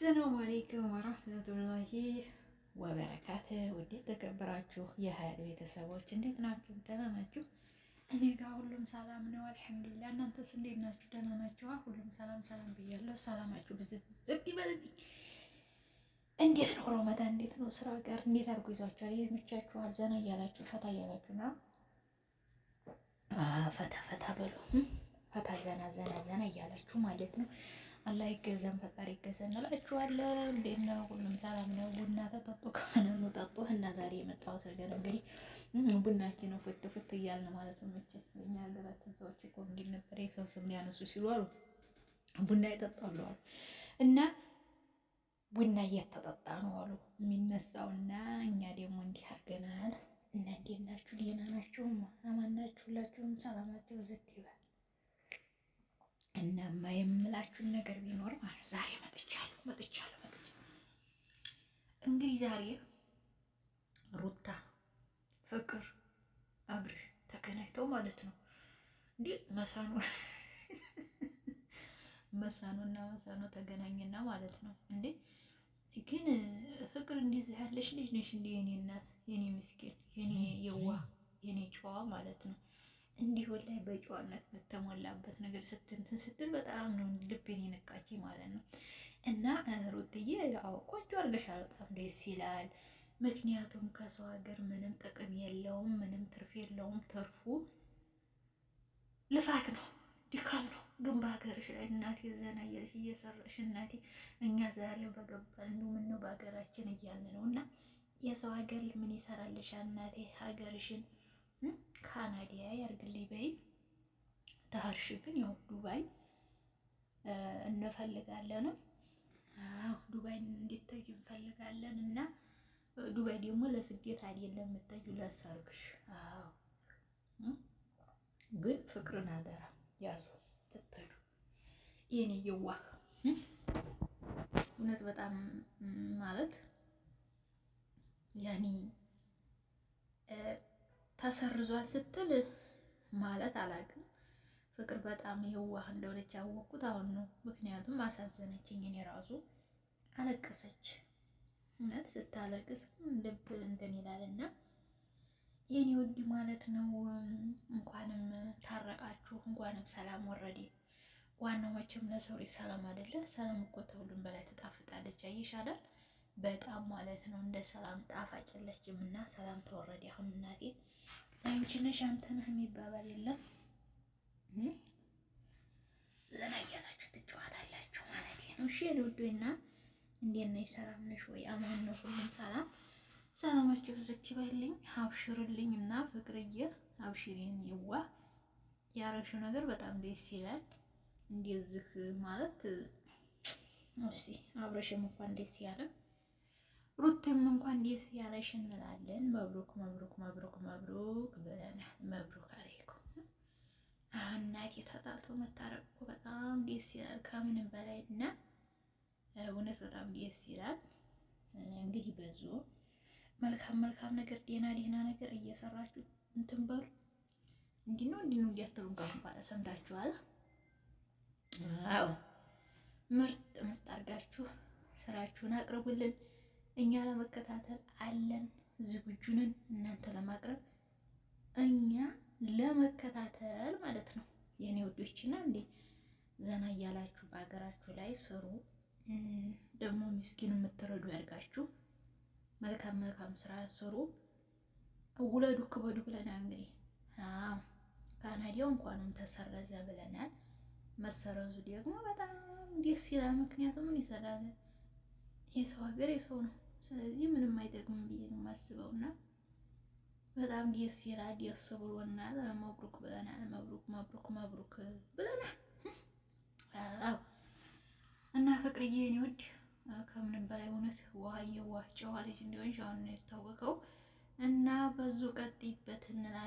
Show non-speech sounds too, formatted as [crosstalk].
አሰላሙ አሌይኩም ወረህመቱላሂ ወበረካተ ውድ የተከበራችሁ የሀያል ቤተሰቦች እንዴት ናችሁ? ደህና ናችሁ? እኔ ጋር ሁሉም ሰላም ነው አልሐምዱሊላ። እናንተስ እንዴት ናችሁ? ደህና ናችሁ? ሁሉም ሰላም ሰላም ብያለሁ። ሰላማችሁ ብዝት ዝት እንዴት ነው ረመዳን? እንዴት ነው ስራ ጋር እንዴት አድርጎ ይዟችኋል? የምቻችኋል? ዘና እያላችሁ ፈታ እያላችሁ ነው። ፈታ ፈታ በሉ ፈታ ዘና ዘና ዘና እያላችሁ ማለት ነው አላህ ይገዘን፣ ፈጣሪ ይገዘን እላችኋለሁ። እንዴት ነው? ሁሉም ሰላም ነው? ቡና ተጠጡ ከሆነ ነው ጠጡ። እና ዛሬ የመጣሁት ነገር እንግዲህ ቡናችን ነው ፍት ፍት እያልን ማለት ነው። መቼ እኛ ሀገራችን ሰዎች እኮ እንግዲህ ነበር የሰው ስም ሊያነሱ ሲሉ አሉ ቡና ይጠጣሉ አሉ እና ቡና እየተጠጣ ነው አሉ እና እኛ ደግሞ እንዲህ አድርገናል እና እንዴት ናችሁ? ደህና ናችሁ? አማን ናችሁ? ሁላችሁም ሰላማችሁ ዝግ ይበል። እናማ የምላችሁን ነገር ቢኖር ማለት ዛሬ መጥቻለሁ መጥቻለሁ መጥቻለሁ። እንግዲህ ዛሬ ሩታ ፍቅር አብርሽ ተገናኝተው ማለት ነው እንዴ መሳኑ [laughs] መሳኑ እና መሳኑ ተገናኝና ማለት ነው እንዴ። ግን ፍቅር እንደዚህ ያለሽ ልጅ ነሽ እንዴ? የኔ እናት፣ የኔ ምስኪን፣ የኔ የዋ፣ የኔ ጨዋ ማለት ነው እንዲህ ወላሂ በጨዋነት በተሞላበት ነገር ስትንትን ስትል በጣም ነው ልቤን የነካች ማለት ነው። እና ሩትዬ ያው ቆንጆ አድርገሻል። በጣም ደስ ይላል። ምክንያቱም ከሰው ሀገር ምንም ጥቅም የለውም፣ ምንም ትርፍ የለውም። ትርፉ ልፋት ነው፣ ድካም ነው። ግን በሀገርሽ ላይ እናቴ ዘና እያልሽ እየሰራሽ እናቴ እኛ ዛሬ በገባል ምን ነው በሀገራችን እያልን ነው እና የሰው ሀገር ምን ይሰራልሻል እናቴ ሀገርሽን ካናዲያ ያርግልኝ በይ ተሀርሽ ግን ያው ዱባይ እንፈልጋለን። አዎ ዱባይ እንድትሄጂ እንፈልጋለን እና ዱባይ ደግሞ ለስደት አይደለም የምትሄጂው ለሰርግሽ። አዎ ግን ፍቅርን አደራ ያዙ ትተዱ ይህን እየዋህ እውነት በጣም ማለት ያኔ ተሰርዟል ስትል ማለት አላውቅም። ፍቅር በጣም የዋህ እንደሆነች ያወቅኩት አሁን ነው። ምክንያቱም አሳዘነችኝ። እኔ ራሱ አለቀሰች። እውነት ስታለቅስ ልብ እንትን ይላል እና የኔ ውድ ማለት ነው። እንኳንም ታረቃችሁ፣ እንኳንም ሰላም ወረዴ። ዋናው መቼም ለሰው ሰላም አይደለ? ሰላም እኮ ተሁሉም በላይ ትጣፍጣለች። አየሽ በጣም ማለት ነው። እንደ ሰላም ጣፋጭ የለችም እና ሰላም ተወረደ። አሁን እናቴ አንቺ ነሽ አንተ ነህ የሚባባል የለም። ዘና እያላችሁ ትጫወታላችሁ ማለት ነው። እሺ ልውዶና እንዴት ነሽ? ሰላም ነሽ ወይ? አማን ነው? ሁሉም ሰላም ሰላማችሁ ብዝት ይበልኝ። አብሽሩልኝ እና ፍቅርዬ አብሽሪን። ይዋ ያረሹ ነገር በጣም ደስ ይላል። እንደዚህ ማለት እስቲ አብረሽም እንኳን ደስ ያለን ሩትም እንኳን ደስ ያለሽ እንላለን። መብሩክ መብሩክ መብሩክ መብሩክ ብለናል። መብሩክ አለይኩም። እናቴ ተጣልቶ መታረቅ እኮ በጣም ደስ ይላል ከምንም በላይ እና እውነት በጣም ደስ ይላል። እንግዲህ በዙ መልካም መልካም ነገር ጤና ደህና ነገር እየሰራችሁ እንትን በሉ። እንዲህ ነው እንዲህ ነው እንዲያትሉን ከአሁን ሰምታችኋል። አዎ ምርጥ ምርጥ አድርጋችሁ ስራችሁን አቅርቡልን። እኛ ለመከታተል አለን ዝግጁንን እናንተ ለማቅረብ እኛ ለመከታተል ማለት ነው። የእኔ ወዶችና እንዴ ዘና እያላችሁ በሀገራችሁ ላይ ስሩ። ደግሞ ምስኪን የምትረዱ ያድርጋችሁ። መልካም መልካም ስራ ስሩ። ውለዱ ክበዱ ብለናል። እንግዲህ ካናዲያው እንኳንም ተሰረዘ ብለናል። መሰረዙ ደግሞ በጣም ደስ ይላል። ምክንያቱም ይሰራል። የሰው ሀገር የሰው ነው። ስለዚህ ምንም አይጠቅምም ብዬ ነው የማስበው እና በጣም ደስ ይላል። ደስ ብሎናል። መብሩክ ብለናል። መብሩክ መብሩክ መብሩክ ብለናል። አዎ እና ፍቅርዬ እኔ ውድ ከምንም በላይ እውነት ውሃዬ ዋህ ጨዋ ልጅ እንዲሆን አሁን ነው የታወቀው እና በዙ ቀጥይበት እንላለን።